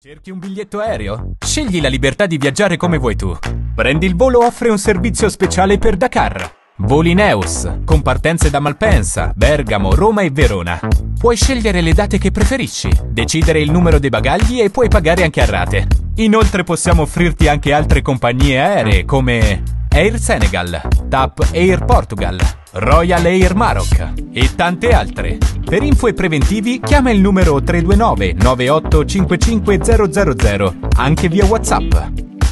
Cerchi un biglietto aereo? Scegli la libertà di viaggiare come vuoi tu. Prendi il volo offre un servizio speciale per Dakar. Voli Neus, con partenze da Malpensa, Bergamo, Roma e Verona. Puoi scegliere le date che preferisci, decidere il numero dei bagagli e puoi pagare anche a rate. Inoltre possiamo offrirti anche altre compagnie aeree come Air Senegal, TAP Air Portugal, Royal Air Maroc e tante altre. Per info e preventivi chiama il numero 329 98 000 anche via WhatsApp.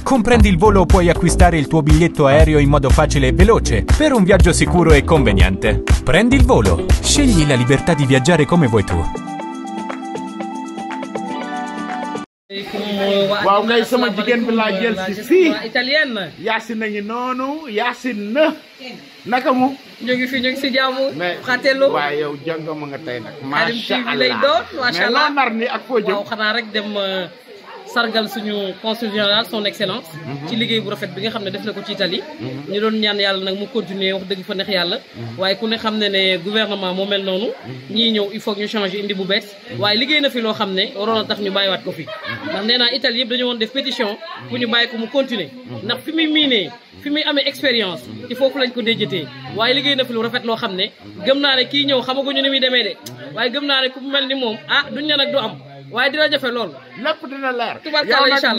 Comprendi il volo puoi acquistare il tuo biglietto aereo in modo facile e veloce per un viaggio sicuro e conveniente. Prendi il volo, scegli la libertà di viaggiare come vuoi tu. waaw ngay sama jigéen bi laa jël si fii yaasin noonu yaasin na naka mu ñu ngi fi ñu ngi si jaamu yow jàngama nga tey nag macha allah ni ak foo jëm xanaa rek dem euh, sargal suñu consul général son excellence ci mhm. liggéey bu rafet bi nga xamné def na ko ci Italie mhm. ñu doon ñaan yalla nak mu continuer wax deug fa neex yalla mhm. waye ku ne xamné né gouvernement mo mel nonu ñi ñew il faut ñu changer indi bu bees waye liggéey na fi lo xamné ne waroon tax ñu bàyyiwaat ko fi ndax néna Italie yeb dañu won def pétition pour ñu bàyyi ko mu continuer ndax fi muy miinee fi muy amee expérience ci foofu lañ ko déjjatee waye liggéey na fi lu rafet lo xamné ne gëm naa ne kii ñëw xamaguñu ni mi démé dé waye gëm naa ne ku mel ni mom ah duñ ne nag du am waaye dina jafe loolu lépp dina leer tubarkalla incha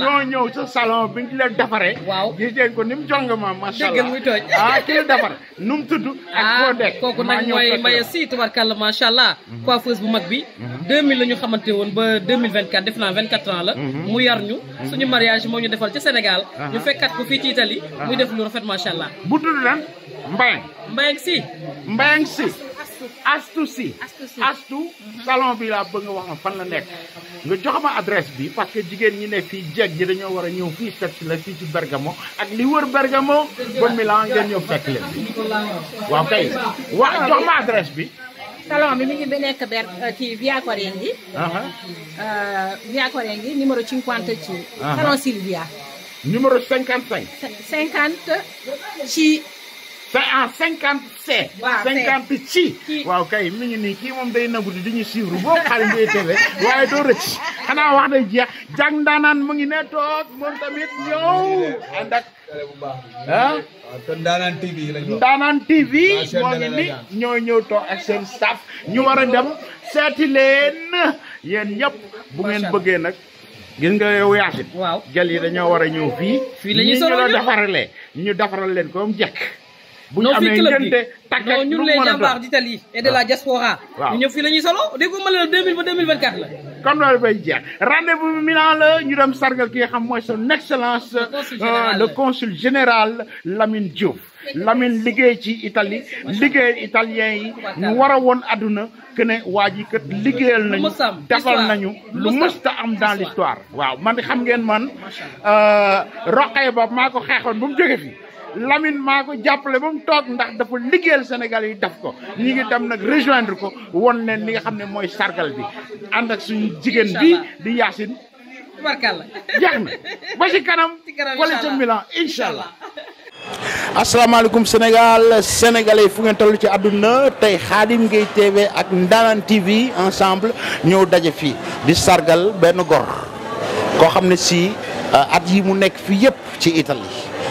bi nga leen defaree waaw ko ni mu jong ma macha allah dégg muy tooj ah defar nu mu tudd ak ah, kooku nag mooy Maya Sy tubarkalla macha allah mhm. coiffeuse bu mag bi 2000 mhm. la ñu xamante woon ba 2024 def naa 24 ans la mhm. mu yar ñu suñu mariage moo ñu defal ci Sénégal ñu fekkat ko fii ci Italie muy def lu rafet macha allah bu tudd lan Mbayang Mbayang Sy Mbayang Sy astu si mhm. astu salon bi laa bëgg nga wax ma fan la nekk nga jox ma adresse bi parce que jigéen ñi ne fii jeeg ji dañoo war a ñëw fii set si la fii ci Bergamo ak li wër Bergamo ba Milan ngeen ñëw fekk leen waaw kay wax jox ma adresse bi salon bi mi ngi nekk ber euh, ci Via Corenghi euh, Via Corenghi numéro cinquante ci salon Silvia numéro cinquante cinq cinquante ci en ah, cinquante c cinquante ci waaw kay mi ngi nii kii moom day nangu di ñu suivre boo xal Mbaye TV waaye doo rëcc xanaa wax day jeex jàng ndaanaan mu ngi ne toog moom tamit ñëw ànd ak ah kon TV moo ngi ñoo ñëw toog ak seen staff ñu war a dem seeti leen yéen ñëpp bu ngeen bëggee nag gis nga yow Yacine. yi dañoo war a ñëw fii. fii ñu la defarale ñu defaral leen comme bu ñu amee ngente tàkkat ñun les jàmbaar d'Italie et de la ah. diaspora. waaw ñu ñëw fii la ñuy solo dégg ma la 2000 ba 2024 la. comme loolu bay jeex rendez-vous bi Milan la ñu dem sargal ki nga xam mooy son excellence. le consul euh, général Lamine Diouf. Lamine liggéey ci Italie liggéey italien yi ñu war a woon adduna que ne waa ji kat liggéeyal nañu defal nañu lu mësta am dans l'histoire waaw man xam ngeen man euh, roqee ba maa ko xeexoon ba mu jóge fi Lamine mako ko bam tok ndax dafa liguel Sénégal yi daf ko ñi ngi tam nak rejoindre ko won leen li nga xamné moy sargal bi and ak suñu jigen bi di yassine barkalla jaxna ba ci kanam wala ca Milan inshallah Assalamualaikum asalaamaaleykum Sénégal sénégalais fu ngeen tollu ci aduna tay Khadim TV ak ndalan TV ensemble ñëw daje fi di sargal ben gor ko xamné si euh, at yi mu nek fi yépp ci Italie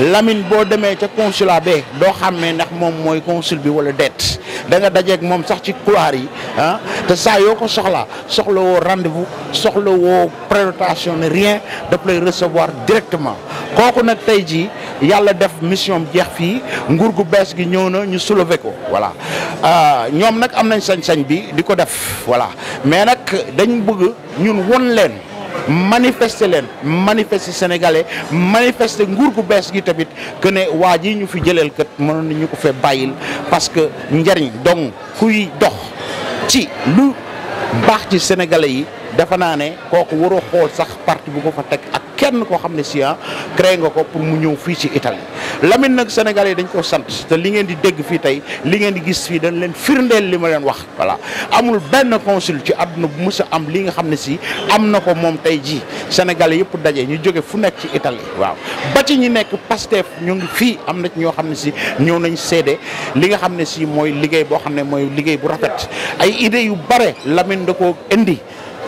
Lamine bo demee ca consulat be do consul bi wala dette da nga ak mom sax ci couloir yi ah, rendez-vous ne rien De recevoir directement nak tay ji yalla def mission jeex fi gu gi ñëw ñu soulever ko voilà ah, ñom nak am nañ sañ-sañ bi def voilà mais manifester leen manifester sénégalais manifester nguur gu bees gi tamit que ne waa ji ñu fi jëleel kat mënoon nañu ko fee bàyyil parce que njariñ donc kuy dox ci lu baax ci sénégalais yi dafa naa ne kooku waroo xool sax parti bu ko fa teg ak kenn koo xam ne si créé nga ko pour mu ñëw fii ci Italie Lamine nag Sénégalais yi dañ koo sant te li ngeen di dégg fii tey li ngeen di gis fii dañ leen firndeel li ma leen wax voilà amul benn consul ci àdduna bu mës a am li nga xam ne si am na ko moom tey jii Sénégalais yëpp daje ñu jóge fu nekk ci Italie waaw ba ci ñi nekk Pastef ñu ngi fii am na ci ñoo xam ne si ñëw nañ seede li nga xam ne si mooy liggéey boo xam ne mooy liggéey bu rafet ay idées yu bare lamin da ko indi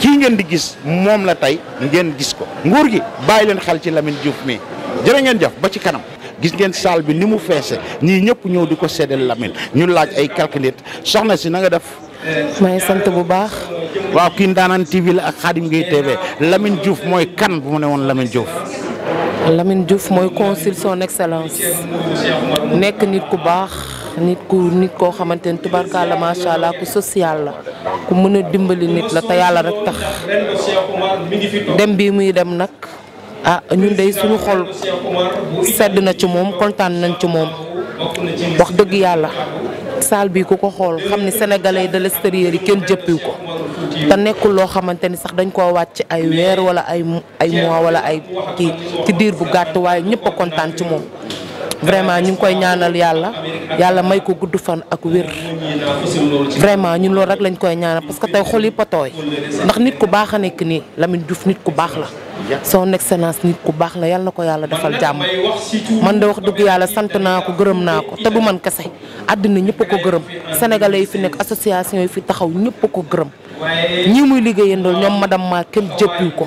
kii ngeen di gis moom la tey ngeen gis ko nguur gi bàyyi leen xel ci Lamine Diouf mi jërë ngeen jëf ba ci kanam gis ngeen salle bi ni mu feese ñii ñëpp ñëw di ko seddal lamin ñu laaj ay quelques nit soxna si nanga def. maa ngi sant bu baax. waaw kii Ndaanaan TV la ak Khadim Gueye TV Lamine Diouf mooy kan bu mu ne woon Lamine Diouf. lamin Diouf mooy consul son excellence nekk nit ku baax nit ku nit koo xamante ni tubarkaala macha allah ku social la ku mën dimbali nit la te yàlla rek tax dem bii muy dem nag ah ñun day suñu xol sedd na ci moom kontaan nañ ci moom wax dëgg yàlla salle bii ku ko xool xam ni sénégalais de l'extérieur yi kenn jëppiw ko te nekkul loo xamante ni sax dañ koo wàcc ay weer wala ay ay mois wala ay kii ci diir bu gàtt waaye ñëpp kontaan ci moom vraiment ñu ngi koy ñaanal yàlla yàlla may ko gudd fan ak wér vraiment ñun loolu rek lañ koy ñaanal parce que tey xol yi potooy ndax nit ku baax a nekk nii lamit Diouf nit ku baax la soo nekk excellence nit ku baax la yàlla na ko yàlla defal jàmm man de wax dëgg yàlla sant naa ko gërëm naa ko te du man kese àddina ñëpp a ko gërëm sénégalais yi fi nekk association yi fi taxaw ñëpp ko gërëm ñi muy liggéeyandool ñoom madame ma kenn jëppiw ko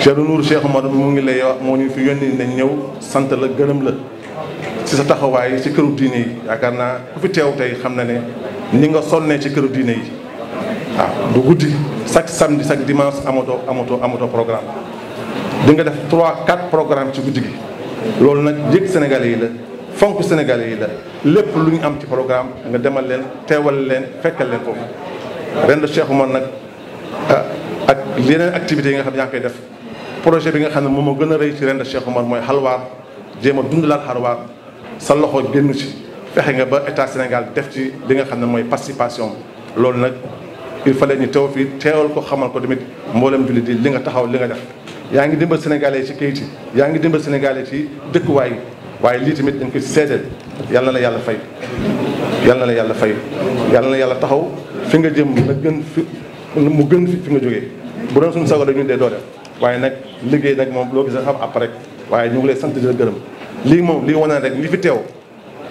Cheikh Nour Cheikh Omar mu ngi lay wax moo ñu fi yónni ne ñëw sant la gërëm la ci sa taxawaay ci këru diine yi yaakaar naa ku fi teew tey xam na ne ni nga sol sonnee ci këru diine yi waaw du guddi chaque samedi chaque dimanche amatoo amatoo amatoo programme di nga def 3 4 programme ci guddi gi loolu nag yëg Sénégalais yi la fonk sénégale yi la lépp lu ñu am ci programme nga demal leen teewal leen fekkal leen foofu ren de nag ah, ak yeneen activités yi nga xam ne yaa koy def projet bi nga xam ne moo gën a rëy ci ren de Cheikh Omar mooy xalwaar jéem a dundalaat xalwaar sa loxo génn ci fexe nga ba état Sénégal def ci li nga xam ne mooy participation loolu nag il fallait ñu teew fii teewal ko xamal ko tamit mboolem jullit di li nga taxaw li nga def yaa ngi dimbal sénégalais ci kayit yi yaa ngi dimbal sénégalais ci dëkkuwaay yi waaye lii tamit dañ koy seedeel yàlla na yàlla fay yàlla na yàlla fay na yàlla taxaw mu gën fi fi nga jógee bu doon suñu sago dañu dee doo def waaye nag liggéey nag moom loo gis a xam après waaye ñu ngi lay sant di gërëm lii moom lii wane rek li fi teew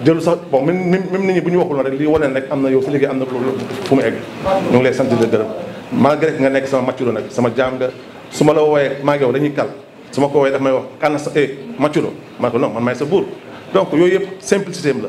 jëlu sax bon même même nit ñi bu ñu waxul rek lii wane rek am na yow sa liggéey am na fu mu egg ñu ngi lay sant di gërëm malgré nga nekk sama Macuro nag sama jaam nga su ma la wooyee maa ngi yow kal su ma ko wooyee daf may wax kan sa eh Macuro maa ko non man maay sa buur donc yooyu yëpp simplicité am la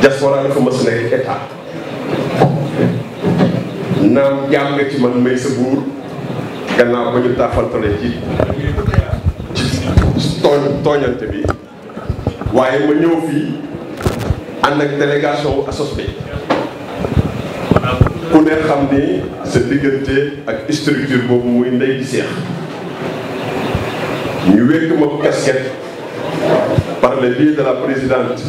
diaspora dafa mës nekk état naam jaam nga ci man may sa buur gannaaw ba ñu taafantale ci ci tooñ tooñante bi waaye ma ñëw fii ànd ak délégation wu ku ne xam ni sa diggante ak structure boobu muy ndey di seex ñu wékk ma casquette par le biais de la présidente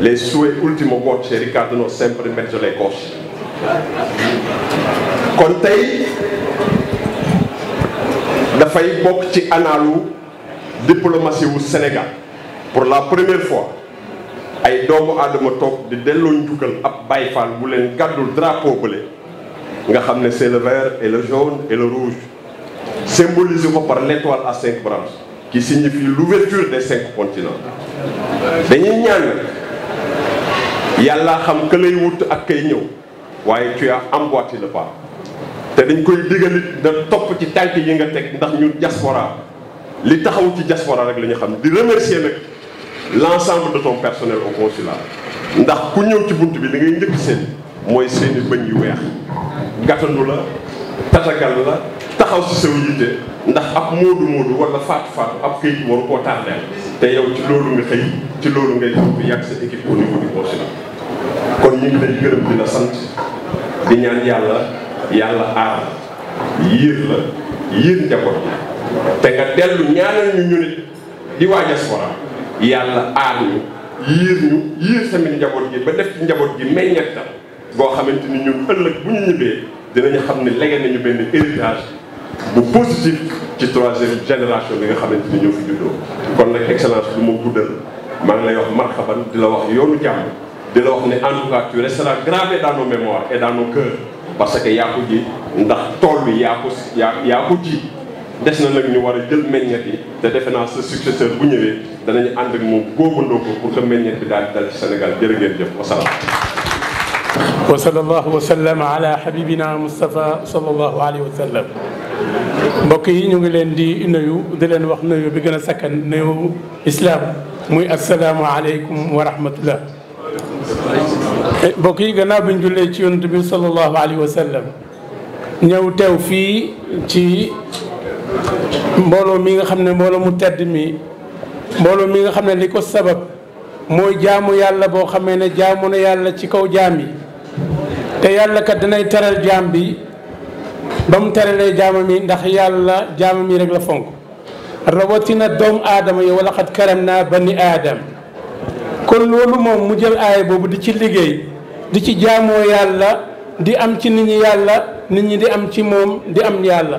Les sue ultimo gocce ricadono sempre in mezzo alle cosce. kon la dafay bokk ci Analu, diplomatie wu Sénégal pour la première fois ay doomu aadama toog di delloo njukkal ab Baay Faal bu len gadul drapeau bële nga xam c'est le vert et le jaune et le rouge symbolisé par l'étoile à cinq branches qui signifie l'ouverture des cinq continents dañuy ñaan yàlla xam ka lay wut ak kay ñëw waaye tu am emboîté le te dañ koy digalit da topp ci tànk yi nga teg ndax ñu diaspora li taxaw ci diaspora rek la ñu xam di remercier nag l'ensemble de ton personnel au consulat ndax ku ñëw ci bunt bi li ngay njëkk seen mooy seeni bëñ yu weex gàttandu la tatagal la taxaw si saw yitte ndax ab moodu moodu wala faatu faatu ab këyit waru koo tardeel te yow ci loolu nga xëy ci loolu ngay yokk yàgg sa équipe au niveau du continent kon ñu ngi lay gërëm di la sant di ñaan yàlla yàlla aar yiir la yiir njaboot te nga dellu ñaanal ñu ñu nit di waa diaspora yàlla aar ñu yiir ñu yiir tamit njaboot gi ba def ci njaboot gi meññettam boo xamante ni ñun ëllëg bu ñu ñibbee dinañu xam ne lege nañu benn héritage bu positif ci troisième génération bi nga xamante ni ñoo fi juddoo kon nag excellence du ma guddal maa ngi lay wax marxaban di la wax yoonu jàmm di la wax ne en tout cas tu resteras gravé dans nos mémoires parce que yaa ko ji ndax tool bi yaa ko yaa yaa ko ji des na nag ñu war a jël meññet yi te defe naa sa successeur bu ñëwee danañu ànd ak moom góobandoo ko pour que meññet bi daal di dal ci Sénégal jërë ngeen jëf wasalaam wa sallallahu wa sallam ala habibina Moustapha sallallahu alayhi wa sallam mbokk yi ñu ngi leen di nuyu di leen wax nuyu bi gën a sakkan nuyu muy asalaamaaleykum wa rahmatullah mbokk yi gannaaw bi ñu jullee ci yonent bi sallallahu alayhi wa sallam ñëw teew fii ci mbooloo mi nga xam ne mbooloo mu tedd mi mbooloo mi nga xam ne li ko sabab mooy jaamu yàlla boo xamee ne jaamu na yàlla ci kaw jaam yi te yàlla kat danay teral jaam bi ba mu teralee jaamam yi ndax yàlla jaamam yi rek la fonk rawatina doomu aadama yi wala xat karam naa bani aadam kon loolu moom mu jël aaya boobu di ci liggéey di ci jaamoo yàlla di am ci nit ñi yàlla nit ñi di am ci moom di am yàlla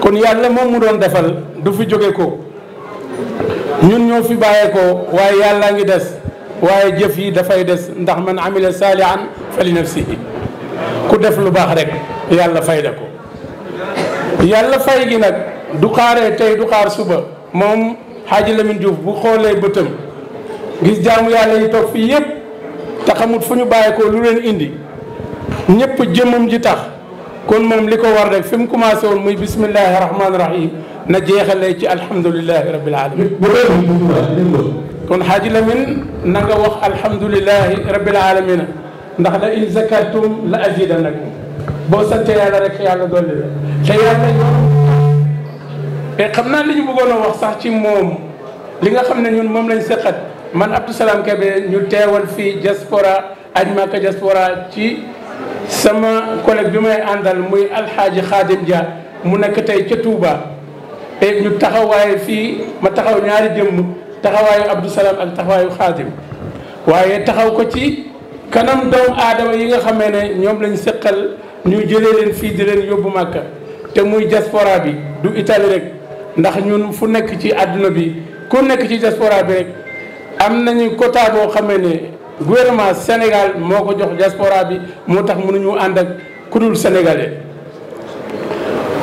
kon yàlla moom mu doon defal du fi jóge ko ñun ñoo fi bàyyeekoo ko waaye yàllaa ngi des waaye jëf yi dafay des ndax man amila saalihan fali nafsihi ku def lu baax rek yàlla fayda ko yàlla fay gi nag du tay tey suba mom Hadji Lamine Diouf bu xoolee bëtam gis jaamu yàlla yi toog fii yëpp te xamut fu ñu bàyyi ko lu leen indi ñëpp jëmmam ji tax kon moom li ko war rek fi commencé woon muy bismillahi rahmaani rahim na jeexalee ci alhamdulilahi rabbil alamin kon Hadji Lamine na nga wax alhamdulilahi rabbil alamin ndax la in zakartum la azidannakum boo sante yàlla rek yàlla dolli la te yàlla et xam naa li ñu bëggoon wax sax ci moom li nga xam ne ñun moom lañ seqat man Abdou Salam Kébé ñu teewal fii diaspora Ajmaka diaspora ci sama collègue bi may àndal muy alxaaji Xaadim jaar mu nekk tey ca Touba. ñu taxawaay fii ma taxaw ñaari jëmm taxawaayu Abdou Salam ak taxawaayu Xaadim waaye taxaw ko ci kanam doomu aadama yi nga xamee ne ñoom lañ seqal ñu jële leen fii di leen yóbbu Màkka te muy diaspora bi du Italie rek. ndax ñun fu nekk ci àdduna bi ku nekk ci diaspora bi rek am nañu quota boo xamee ne gouvernement Sénégal moo ko jox diaspora bi moo tax mënuñu ànd ak ku dul sénégalais.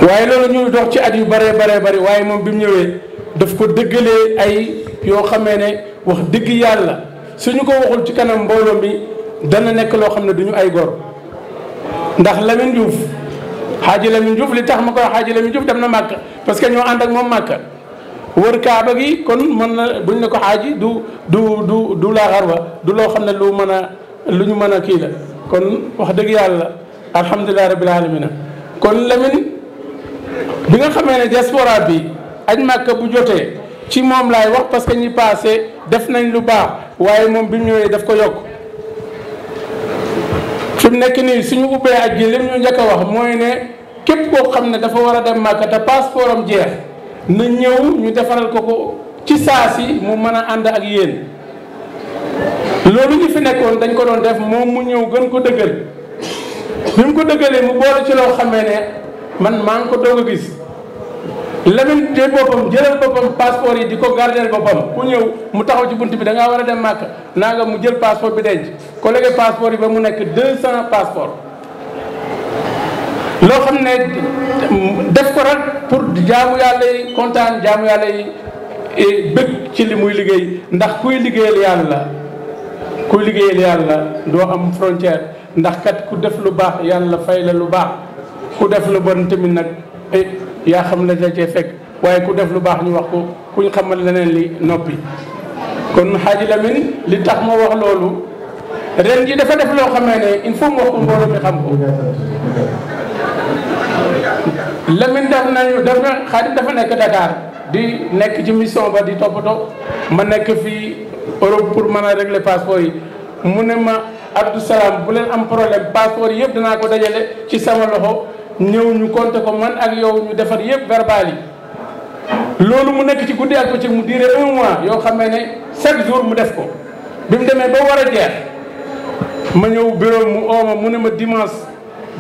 waaye loolu ñuy dox ci at yu bëree bëree bari waaye moom bi mu ñëwee dafa ko dëggalee ay yoo xamee ne wax digg yàlla suñu ko waxul ci kanam mbooloo mi dana nekk loo xam ne du ñu ay gor ndax Lamine Diouf. Xaaji Lamin Juuf li tax ma koy Xaaji Lamin Juuf dem na Màkka parce que ñoo ànd ak moom Màkka wër Kaaba gi kon mën na buñ ne ko xaaji du du du du la xarwa du loo xam ne lu mën a lu ñu mën a kii kon wax dëgg yàlla alhamdulilah rabbil alamina kon Lamin bi nga xamee ne diaspora bi añ Màkka bu jotee ci moom laay wax parce que ñi passé def nañ lu baax waaye moom bi mu ñëwee daf ko yokk. fi mu nekk nii suñu ubbee aj gi lim ñu njëkk wax mooy ne képp koo xam ne dafa war a dem Màkka te passeport am jeex na ñëw ñu defaral ko ko ci saa si mu mën a ànd ak yéen loolu ñu fi nekkoon dañ ko doon def moom mu ñëw gën ko dëggal bi mu ko dëggalee mu boole ci loo xamee ne man maa ngi ko doog a gis Lamine de boppam jëlal boppam passeport yi di ko gardeel boppam ku ñëw mu taxaw ci bunt bi da war a dem màkk naa nga mu jël passeport bi denc collègue passeport yi ba mu nekk 200 passeport loo xam ne def ko rek pour jaamu yàlla yi kontaan jaamu yàlla yi bëgg ci li muy liggéey ndax kuy liggéeyal yàlla kuy liggéeyal yàlla doo am frontière ndax kat ku def lu baax yàlla fay la lu baax ku def lu bon tamit nag yaa xam la da cee fekk waaye ku def lu baax ñu wax ko kuñ xamal leneen li noppi kon xaaji Lamin li tax ma wax loolu ren ji dafa def loo xamee ne il faut mu wax ko mbooloo mi xam ko Lamin def nañu dafa xaaji dafa nekk Dakar di nekk ci mission ba di toppatoo ma nekk fii Europe pour mën a régler passeport yi mu ne ma Abdou Salam bu leen am problème passeport yëpp danaa ko dajale ci sama loxo ñëw ñu compté ko man ak yow ñu defar yëpp verbal yi loolu mu nekk ci guddi ak bëccëg mu diire un mois yoo xamee ne chaque jour mu def ko bi mu demee ba war a jeex ma ñëw bureau mu ooma mu ne ma dimanche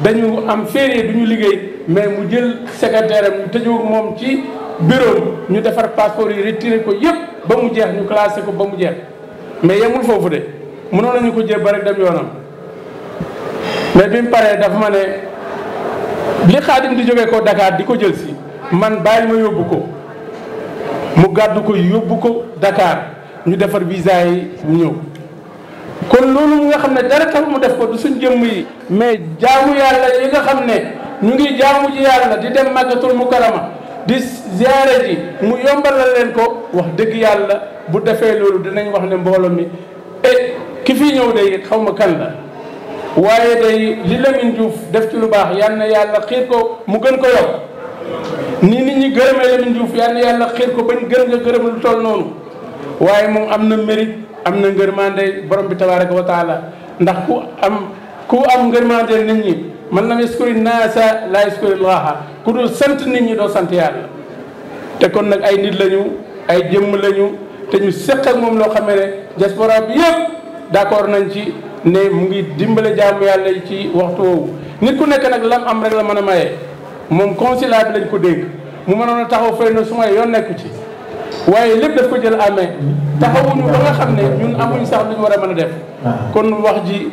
dañu am férié du ñu liggéey mais mu jël secrétaire mu ñu moom ci bureau ñu defar passeport yi retire ko yëpp ba mu jeex ñu classé ko ba mu jeex mais yemul foofu de mënoon nañu ko jéem ba dem yoonam mais bi mu paree dafa ma ne li xaadim di jógee ko dakaar di ko jël si man bàyyi ma yóbbu ko mu gàddu ko yóbbu ko dakaar ñu defar visa yi mu ñëw kon loolu nga xam ne dara tax mu def ko du suñ jëmm yi mais jaamu yàlla yi nga xam ne ñu ngi jaamu ji yàlla di dem mu mukarama di ziyaare ji mu yombalal leen ko wax dëgg yàlla bu defee loolu dinañ wax ne mbooloo mi e ki fi ñëw de xaw ma kan la waaye day li Lamine Diouf def ci lu baax yal na yàlla xiir ko mu gën ko yokk ni nit ñi gërëmee Lamine Diouf yàlla xiir ko bañ gën nga gërëm lu toll noonu waaye moom am na mérite am na ngërmande borom bi tabaraka wa taala ndax ku am ku am ngërmande nit ñi man lam yaskuri naasa laa yaskuri llaaha ku dul sant nit ñi doo sant yàlla te kon nag ay nit lañu ay jëmm lañu te ñu seq ak moom loo xamee ne diaspora bi yëpp d'accord nañ ci ne mu ngi dimbale jaamu yàlla yi ci waxtu woowu nit ku nekk nag lam am rek la mën a maye moom consulat bi lañ ko dégg mu mënoon a taxaw fay na su ma yoon nekku ci waaye lépp daf ko jël amee taxawuñu ba nga xam ne ñun amuñ sax lu ñu war a mën a def ah. kon wax ji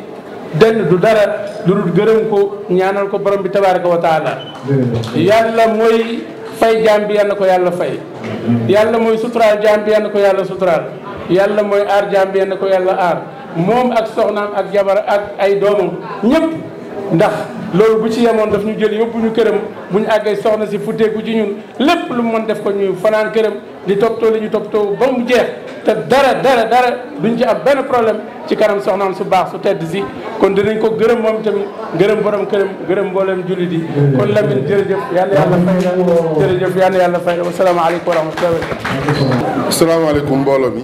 denn du dara lu dul gërëm ko ñaanal ko borom bi tabaraka wa taala yàlla mooy fay jaam bi yàlla ko yàlla fay mm-hmm. yàlla mooy suturaal jaam bi yàlla ko yàlla suturaal yàlla mooy aar jaam bi yàlla ko yàlla aar moom ak soxnaam ak jabar ak ay doomam ñëpp ndax loolu bu ci yemoon daf ñu jël yóbbu ñu këram bu ñu àggee soxna si futteeku ci ñun lépp lu mu mën def ko ñu fanaan këram di toppatoo li ñu toog ba mu jeex te dara dara dara duñ ci am benn problème ci kanam soxnaan su baax su tedd si kon dinañ ko gërëm moom tamit gërëm borom këram gërëm mboolem jullit yi kon Lamine jërëjëf yàlla yàlla fay la jërëjëf yàlla yàlla fay la wasalaamaaleykum wa mbooloo bi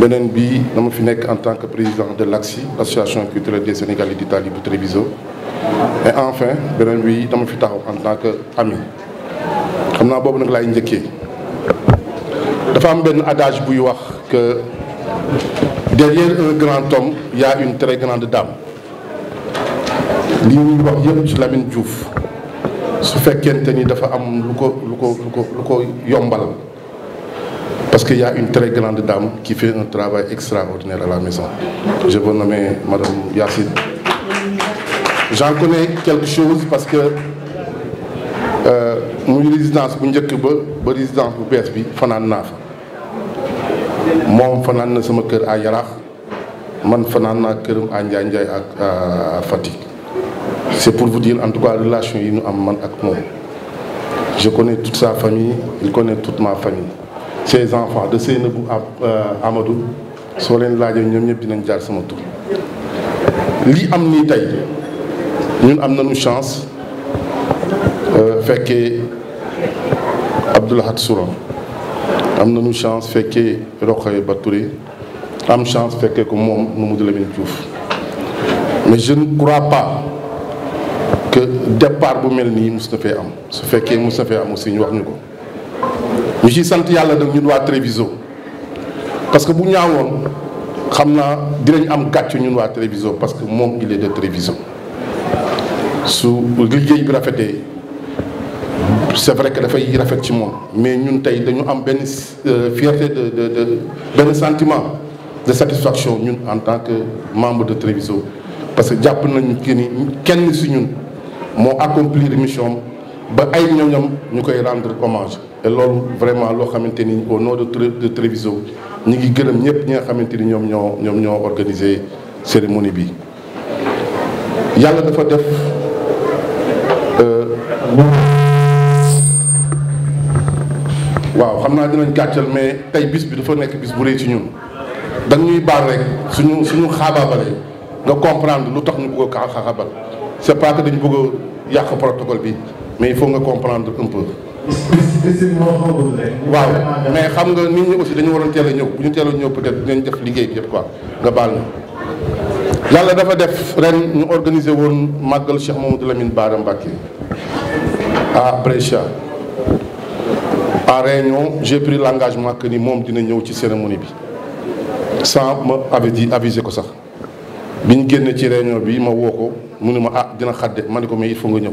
benen bi dama fi nek en tant que président de l'ACSI l'association culturelle des Sénégalais d'Italie bu Treviso et enfin benen bi dama fi taxaw en tant que ami Comme naa boobu nag laay njëkkee dafa am ben adage bu wax que derrière un grand homme il y a une très grande dame li ñuy wax yépp ci Lamine Diouf su fekkente ni dafa am luko luko lu ko lu ko lu ko yombal parce qu'il y a une très grande dame qui fait un travail extraordinaire à la maison. Je vous nommer Madame Yacine. J'en connais quelque chose parce que Mon résidence mon résidence bu PSB, bi un naa fa moom na sama kër à Yaraax man fanaan à c'est pour vous dire en tout cas la relation yi ñu avec moi. je connais toute sa famille il connaît toute ma famille ces enfants de nouveaux euh, Amadou so là ñom ñep dinañ jaar sama tour li am ni tay ñun am nañu chance euh, faire Abdou Soura am nañu chance de Rokhay avons am chance ko nu mais je ne crois pas que départ bu mel ce am ñu ci sant yàlla nag ñun waa télévision, parce que bu ñaawoon xam naa dinañ am gàcc ñun waa Treviso parce que moom il est de Treviso su liggéey bi rafetee c'est vrai que dafay rafet ci moom mais ñun tey dañu am benn euh, fierté de de de benn sentiment de satisfaction ñun en tant que membre de télévision, parce que jàpp nañu que ni kenn si ñun moo accomplir mission ba ay ñom ñom koy rendre hommage et loolu vraiment lo xamanteni au nom de de Treviso ñi ngi gëreum ñëpp ñi nga xamanteni ñom ñoo ñom ñoo organiser cérémonie bi yalla dafa def euh waaw xamna dinañ gatchal mais tay bis bi dafa nekk bis bu rëy ci ñun dañ ñuy baal rek suñu suñu xaabaabale nga comprendre lu tax ñu bëgg a xaabaabal c'est pas que dañu bëgg a yàq protocole bi mais il faut nga comprendre un peu. waaw mais xam nga nit ñi aussi dañu waroon teel a ñëw bu ñu teel a ñëw peut-être dinañ def liggéey bi yëpp quoi nga baal na. yàlla dafa def ren ñu organiser woon màggal Cheikh Mamadou Lamine Bara Mbacké à Brescia en réunion j'ai pris que ni moom dina ñëw ci cérémonie bi sans ma avait dit aviser ko sax bi génne ci réunion bi ma woo ko mu ne ma ah dina xadde ma ne ko mais il faut nga ñëw.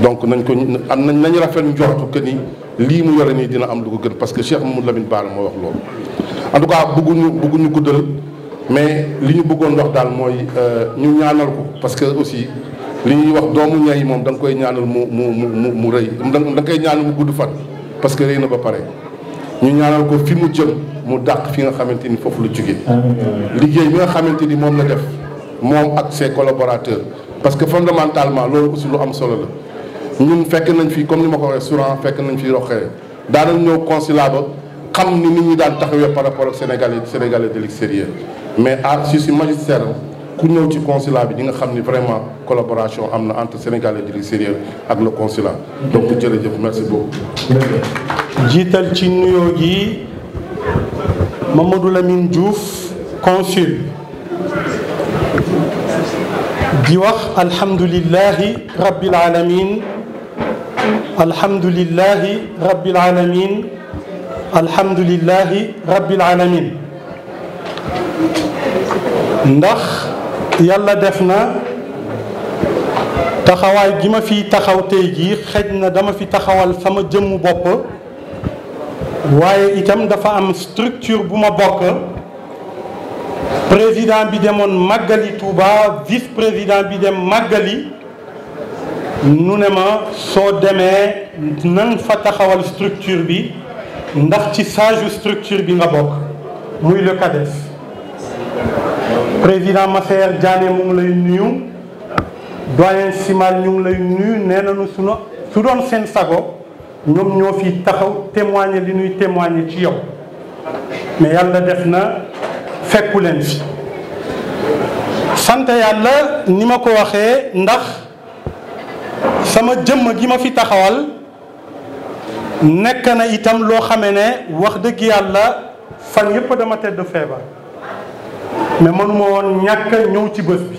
donc nañ ko nañ que ni mu parce que Cheikh Lamine en tout cas guddal mais li ñu bëggoon euh, ñu ñaanal ko parce que aussi li wax doomu ñay moom da koy ñaanal mu mu mu parce que nous na ba pare ñu ñaanal ko fi mu jëm mu dàq fi nga xamante ni foofu la liggéey nga ses collaborateurs parce que fondamentalement loolu aussi lu am solo ñun fekk nañ fi comme ni ma ko waxee souvent fekk nañ fi roxee nañ ñëw consulat ba xam ni nit ñi daan taxawee par rapport ak sénégalais sénégalais de l'extérieur mais à si si magistère ku ñëw ci consulat bi di nga xam ni vraiment collaboration am na entre sénégalais de l'extérieur ak le consulat donc jërëjëf merci beaucoup. jiital ci nuyoo gi Mamadou Lamine Diouf consul di wax alhamdulilahi rabbil alamin الحمد لله رب العالمين الحمد لله رب العالمين ندخ يلا دفنا تخاوي جيما في تخاو تيجي خدنا دما في تخاو الفم جم بوب واي ايتام دا فا ام ستركتور بوما بوك بريزيدان بي ديمون ماغالي توبا فيس بريزيدان بي nu ne ma soo demee nan fa taxawal structure bi ndax ci sage structure bi nga bok muy le cadès président Massaer Diané mu ngi lay nuyu doyen Simal ñu lay nuyu nee nañu su no su doon seen sago ñom ñoo fi taxaw témoigner li ñuy témoigner ci yow mais yalla def na fekku fi sante yalla ni ma ko waxee ndax sama jëm gi ma fi taxawal nek na itam lo xame ne wax deug yàlla fan yépp dama tedd feebar mais mo won ñak ñëw ci bëss bi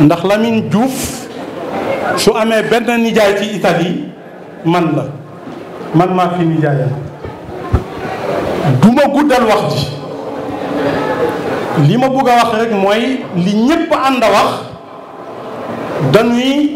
ndax Lamine Diouf su amé benn nijaay ci Italie man la man ma fi nijaayam duma guddal wax ji lima ma bëgg wax rek moy li ñépp ànd wax dañuy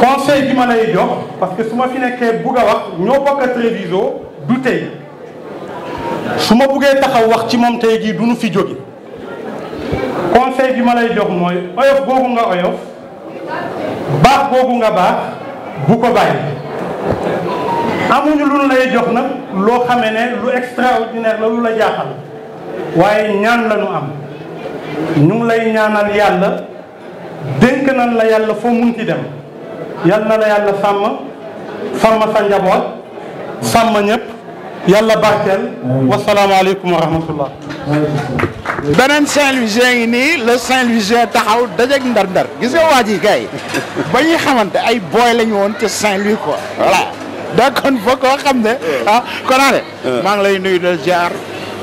conseil bi ma lay jox parce que su ma fi nekkee bugg a wax ñoo bokk a Treviso du tey su ma buggee taxaw wax ci moom tey jii du nu fi jóge conseil bi ma lay jox mooy oyof googu nga oyof baax googu nga baax bu ko bàyyi. amuñu lu lay jox nag loo xamee ne lu extraordinaire la lu la jaaxal waaye ñaan lañu am ñu ngi lay ñaanal yàlla dénk nañ la yàlla foo munti dem. يالنا لا يالنا سام سام سانجابوت سام نيب يالنا باركل والسلام عليكم ورحمه الله بنان سان لوزيان ني لا سان لوزيان تاخاو داجك ندار ندار غيسو واجي كاي باغي خامت اي بوي لا نيون تي سان لوي كو لا دا كون فوكو خامت ها كون انا ما نلاي نوي دل جار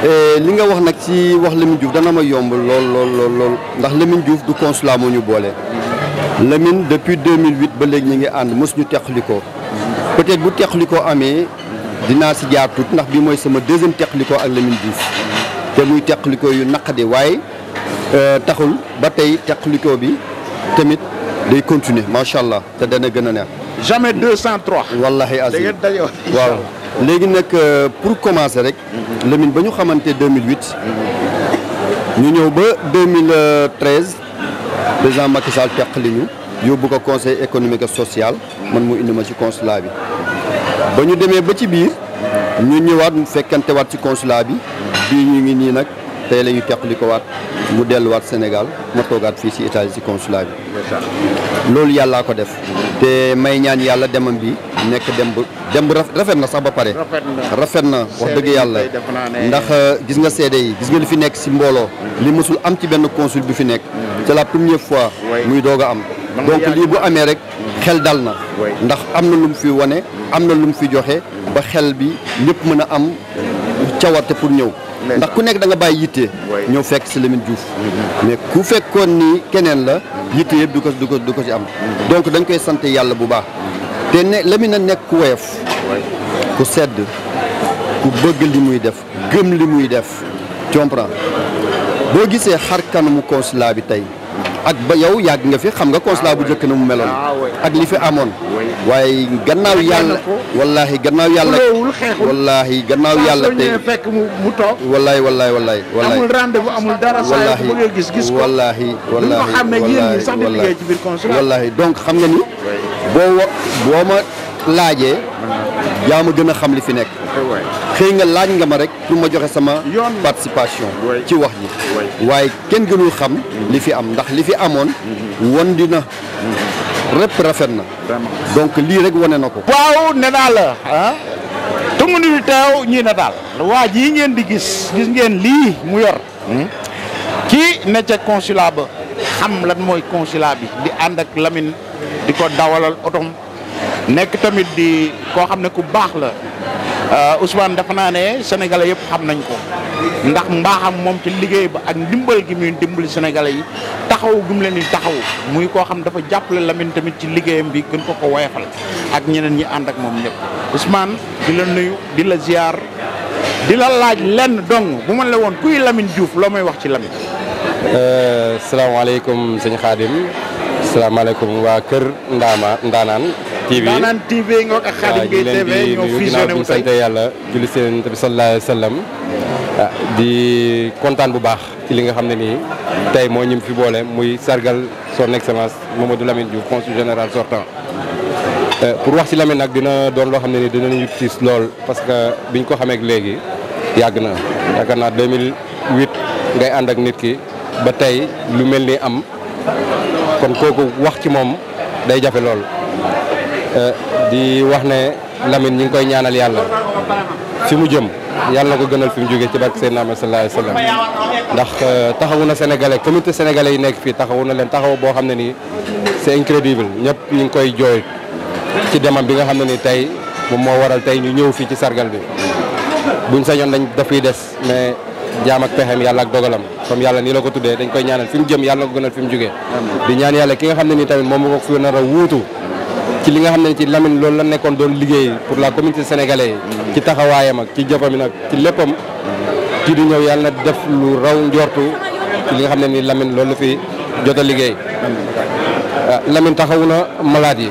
Eh, li nga wax nak ci wax Lamine Diouf da na ma yomb lol lol lol lool ndax Lamine Diouf du consulat mo ñu bolé Lamine depuis 2008 ba léegi ñi ngi ànd mos ñu teqalikoo peut-être bu teqalikoo amé dina ci jaar tout ndax bi moy sama deuxième teqalikoo ak Lamine Diouf té muy teqalikoo yu way euh taxul ba tay teqalikoo bi tamit day continuer machallah té te dana gëna a neex. jamais 203. wallahi azim da ngeen daje waaw. léegi nag euh, pour commencer rek. Lamine ba ñu xamante 2008. ñu ñëw ba 2013 président Macky Sall teq li ñu yóbbu ko conseil économique et social man mu indi ma ci consulat bi ba ñu demee ba ci biir ñu ñëwaat mu fekkante waat ci consulat bi bii ñu ngi nii nag tey la ñu teqali ko waat mu delluwaat Sénégal ma toogaat fii si Italie si consulat bi loolu yàllaa ko def te may ñaan yàlla demam bi nekk dem bu dem bu rafet na sax ba pare rafet na wax dëgg yàlla ndax euh, gis nga seede yi gis nga lu fi nekk si mbooloo mm-hmm. li mosul am ci benn consul bi fi nekk mm-hmm. c'est la première fois muy doog a am donc lii bu amee rek mm-hmm. xel dal na ndax am na lu mu fi wane am na lu mu fi joxe ba xel bi ñëpp mën a am cawarte pour ñëw ndax ku nekk danga nga bàyyi yitte ñëw fekk si Lamine Diouf mm-hmm. mais ku fekkoon ni keneen la yitte yëpp du ko du ko du ko ci am mm-hmm. donc dañ koy sante yàlla bu baax te ne lemin a nekk ku woyof ku sedd ku bëgg li muy def gëm li muy def comprends boo gisee xar kanamu consulat bi tey ak ba yow yàgg nga fi xam nga consulat bu njëkk na mu meloon ah, ak li fi amoon waaye gannaaw yàlla wallaahi gannaaw yàlla wallaahi gannaaw yàlla tey fekk mu toog wallaahi wallaahi wallaahi wallaahi amul rendez-vous amul dara saa bu nga gis gis ko wallaahi wallaahi wallaahi wallaahi donc xam nga ni boo boo ma laajee yaa ma gën a xam li fi nekk xëy nga laaj nga ma rek pour ma joxe sama participation ci wax ji waaye kenn gënul xam li fi am ndax li fi amoon mhm. won dina répp rafet na donc lii rek wane na ko waaw ne daal ah tungu ni teew ñii ne daal waa ji ngeen di gis gis ngeen lii mu yor hmm? kii ne ca consulat ba xam lan mooy consulat bi di ànd ak Lamine di ko dawalal otom Nek tamit di ko xamne ku bax la euh, Ousmane dafa nané sénégalais yépp xam nañ ko ndax mbaxam mom ci liggéey ba ak ndimbal gi muy dimbali sénégalais yi taxaw gum leen di taxaw muy ko xam dafa jappalé Lamine tamit ci liggéeyam bi gën ko ko wayfal ak ñeneen ñi and ak mom ñëpp Ousmane di la nuyu di la ziar di la laaj lenn dong bu ma la won kuy Lamine Diouf lo may wax ci Lamine. Euh, alaykum seigne Khadim alaykum wa keur Ndama ndanan TV Ndanane TV nga ak Khadim Gueye TV ñoo fusionné wu yàlla julli seen bi sallallahu alayhi wa sallam ah, di kontaan bu baax ci li nga xam ne nii tey moo ñu fi boole muy sargal son excellence Mamadou Lamine Diouf consul général sortant eh, pour wax ci Lamine nag dina doon loo xam ne nii dinañu tiis lool parce que biñ ko xamee léegi yàgg na yaakaar naa 2008 ngay ànd ak nit ki ba tey lu mel ni am kon kooku wax ci moom day jafe lool Euh, di wax ne Lamine ñi ngi koy ñaanal yàlla fi mu jëm yàlla na ko gënal fi mu jógee ci barke Seydina Muhammad sallallahu ndax euh, taxawu na sénégalais comité sénégalais yi nekk fii taxawu na leen taxaw boo xam ne nii c'est incroyable ñëpp ñu ngi koy jooy ci demam bi nga xam ne ni tey moom moo waral tey ñu ñëw fii ci sargal bi buñ sañoon dañ dafiy des mais jaam ak pexem yàlla ak dogalam comme yàlla nii koy ñaanal fi mu jëm yàlla na ko gënal fi mu jógee di ñaan yàlla ki nga xam ne nii tamit moom moo fi nar a wuutu ci li nga xamné ne ci Lamine loolu la nekkon doon liggéey pour la communauté sénégalaise mm-hmm. ci taxawayam ak ci jëfam nak ci leppam ci mm-hmm. di ñew yalla def lu raw ndortu ci li nga xamné ni Lamine loolu la fi jotta liggéey mm-hmm. ah, Lamine taxawuna na malade yi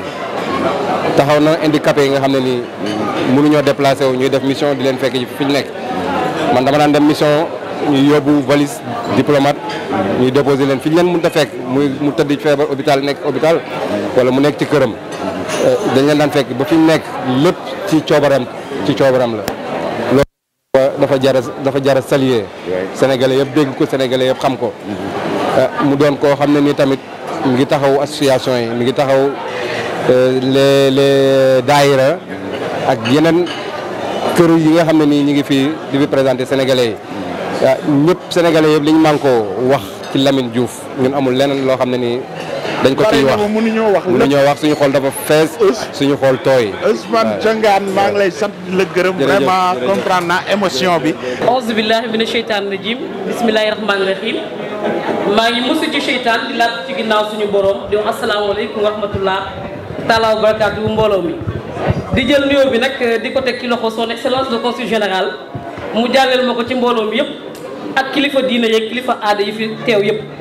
taxawna na handicapé nga xamné ni mënu ñoo déplacer wu ñuy def mission di leen fekk ci ñu nekk man dama daan dem mission ñu yobbu valise diplomate ñu déposer leen fi ñu leen mënut fekk muy mu ci fièvre hôpital nekk hôpital wala mu nekk ci kërëm Euh, dañ leen naan fekk ba fi mu nekk lépp ci coobaram ci coobaram la loolu dafa jar dafa jar a saluer yëpp dégg ko sénégalais yëpp xam ko euh, mu doon koo xam ne nii tamit mu ngi taxaw association yi mi ngi taxaw euh, les les daayira ak yeneen kër yi nga xam ne nii ñu ngi fii di fi présenté sénégalais yi ñëpp sénégalais yëpp li ñu ko wax ci Lamine Diouf ñun amul leneen loo xam ne nii dañ ko ciy wax mënuñoo wax mënuñoo wax suñu xool dafa fees suñu xool tooy Ousmane Diongane maa ngi lay sant di la gërëm vraiment comprendre naa émotion bi aouzu billahi mina sheytaan rajim bismillahi rahmaani rahim maa ngi mosu ci sheytaan di laaj ci ginnaaw suñu borom di wax asalaamaaleykum wa rahmatullah taala wa barakaatu mbooloo mi di jël nuyoo bi nag di ko teg ki loxo son excellence le consul général mu jàlleel ma ko ci mbooloo mi yëpp ak kilifa diine yeeg kilifa yi fi yëpp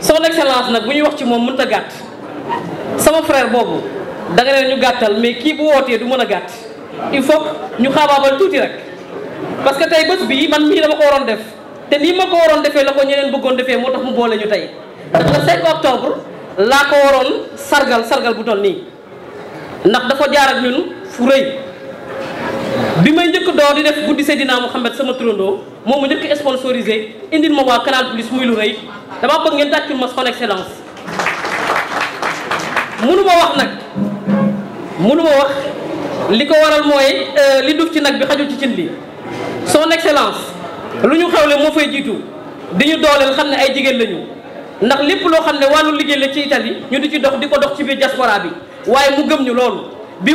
son excellence nag bu ñuy wax ci moom mënut a gàtt sama frère boobu da nga ne ñu gàttal mais kii bu wootee du mën a gàtt il faut ñu xaabaabal tuuti rek parce que tey bés bii man mii dama ko waroon def te nii ma ko waroon defee la ko ñeneen bëggoon defee moo tax mu boole ñu tey ndax le 5 octobre laa ko waroon sargal sargal bu toll nii ndax dafa jaar ak ñun fu rëy bi may door di def guddi qui sama sponsorisé indil ma Canal Plus muy lu reuy dama bëgg ngeen ma excellence munu ma wax munu ma wax liko waral euh, li duf ci nak bi xajul ci cin li son excellence lu ñu xewle mo fay jitu di ñu que xam ay que lañu ndax ci Italie ñu di ci dox diko dox ci bi diaspora bi waye mu gëm ñu bi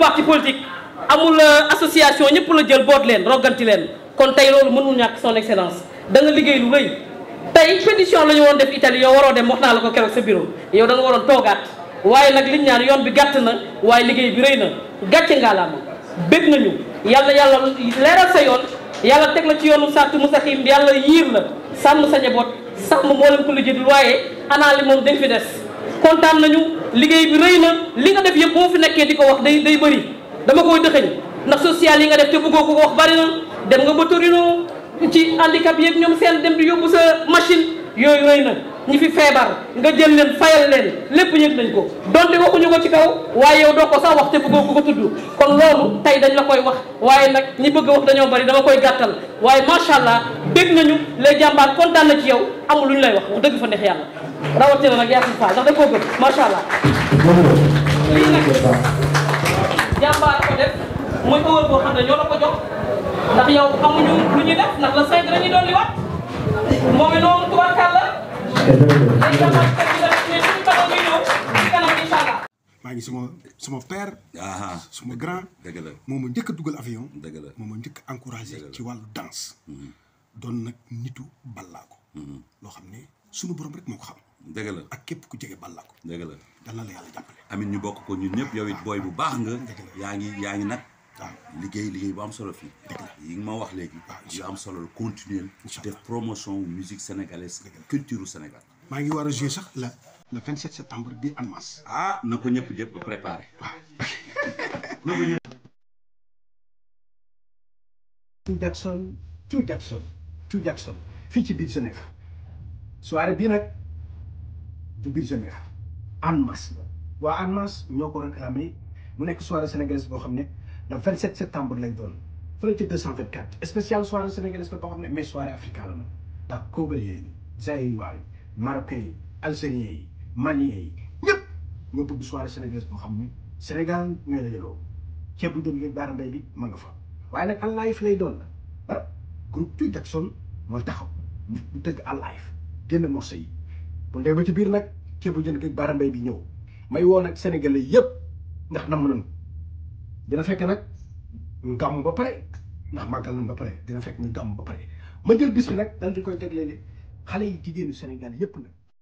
parti politique amul euh, association ñëpp la jël boot leen rogganti leen kon tey loolu mënul ñàkk son excellence danga liggéey lu rëy tey pétition la ñu woon def Italie yow waroo dem wax naa la ko keroog sa bureau yow da waroon toogaat waaye nag liñ ñaan yoon bi gàtt na waaye liggéey bi rëy na gàcce ngaalaama bëgg nañu yàlla yàlla leeral sa yoon yàlla teg la ci yoonu sàtt musaxim yàlla yiir la sàmm sa njaboot sàmm moo leen ko lu jël waaye anaa li moom dañ fi des kontaan nañu liggéey bi rëy na li nga def yëpp boo fi nekkee di ko wax day day bëri dama koy dëxëñ ndax social yi nga def te bëggoo ko wax bari na dem nga ba Torino ci handicap yeeg ñoom seen dem di yóbbu sa machine yooyu rëy na ñi fi feebar nga jël leen fayal leen lépp yëg nañ ko doon donte waxuñu ko ci kaw waaye yow doo ko sax wax te bëggoo ko ko tudd kon loolu tey dañ la koy wax waaye nag ñi bëgg wax dañoo bari dama koy gàttal waaye macha allah dégg nañu les jàmbaar kontaan na ci yow amul lu ñu lay wax dëgg fa neex yàlla rawatina nag yaa ngi fa ndax da koo gëm allah. jàmbaar ko def muy heure boo xam ñoo la ko jox ndax yow amuñu lu def ndax la cinq la ñuy dolli waat moom it noonu ay jàmbaar kat yi la mais suñu kanam muy kanam sama sama père sama grand avion moom ma njëkk a encouragé ci wàllu danse mhm. doon nag nitu ballaako mhm. loo xam suñu borom rek moo xam dëgg la ak képp ku la amin ñu bokk ko ñu ñëpp yow booy bu baax nga yaa ngi yaa ngi nag liggéey liggéey bu am solo fii yi nga ma wax léegi yu am solo la continuer def promotion musique sénégalaise culture Sénégal maa ngi war a jouer sax la le 27 septembre bi en masse ah na ko ñëpp jëpp préparé waaw tout Jackson tout Jackson tout Jackson fii ci biir Genève soirée bi nag waa ANMAS ñoo ko réclamé mu nekk soirée sénégalaise boo xam ne le 27 septembre lay doon fële ci 224 spécial soirée sénégalaise la boo xam ne mais soirée africaine la moom. ndax Congolais yi Zaïrois yi Marocains yi Algériens yi Maliens yi ñëpp ñoo bëgg soirée sénégalaise boo xam ne Sénégal ñooy dajaloo ceeb bu doon yëg baara bi ma nga fa waaye nag en lay doon ah groupe tuy Jackson mooy taxaw bu tëgg en live génn morceau yi bu ndee ba ci biir nag ceeb bu jën yëg mbay bi ñëw. may woon nag sénégalais yëpp ndax nam nañu dina fekk nag gàmm ba pare ndax màggal nañ ba pare dina fekk ñu gàmm ba pare ma jël bis bi nag daal di koy jagleel xale yi jigéenu Sénégal yëpp nag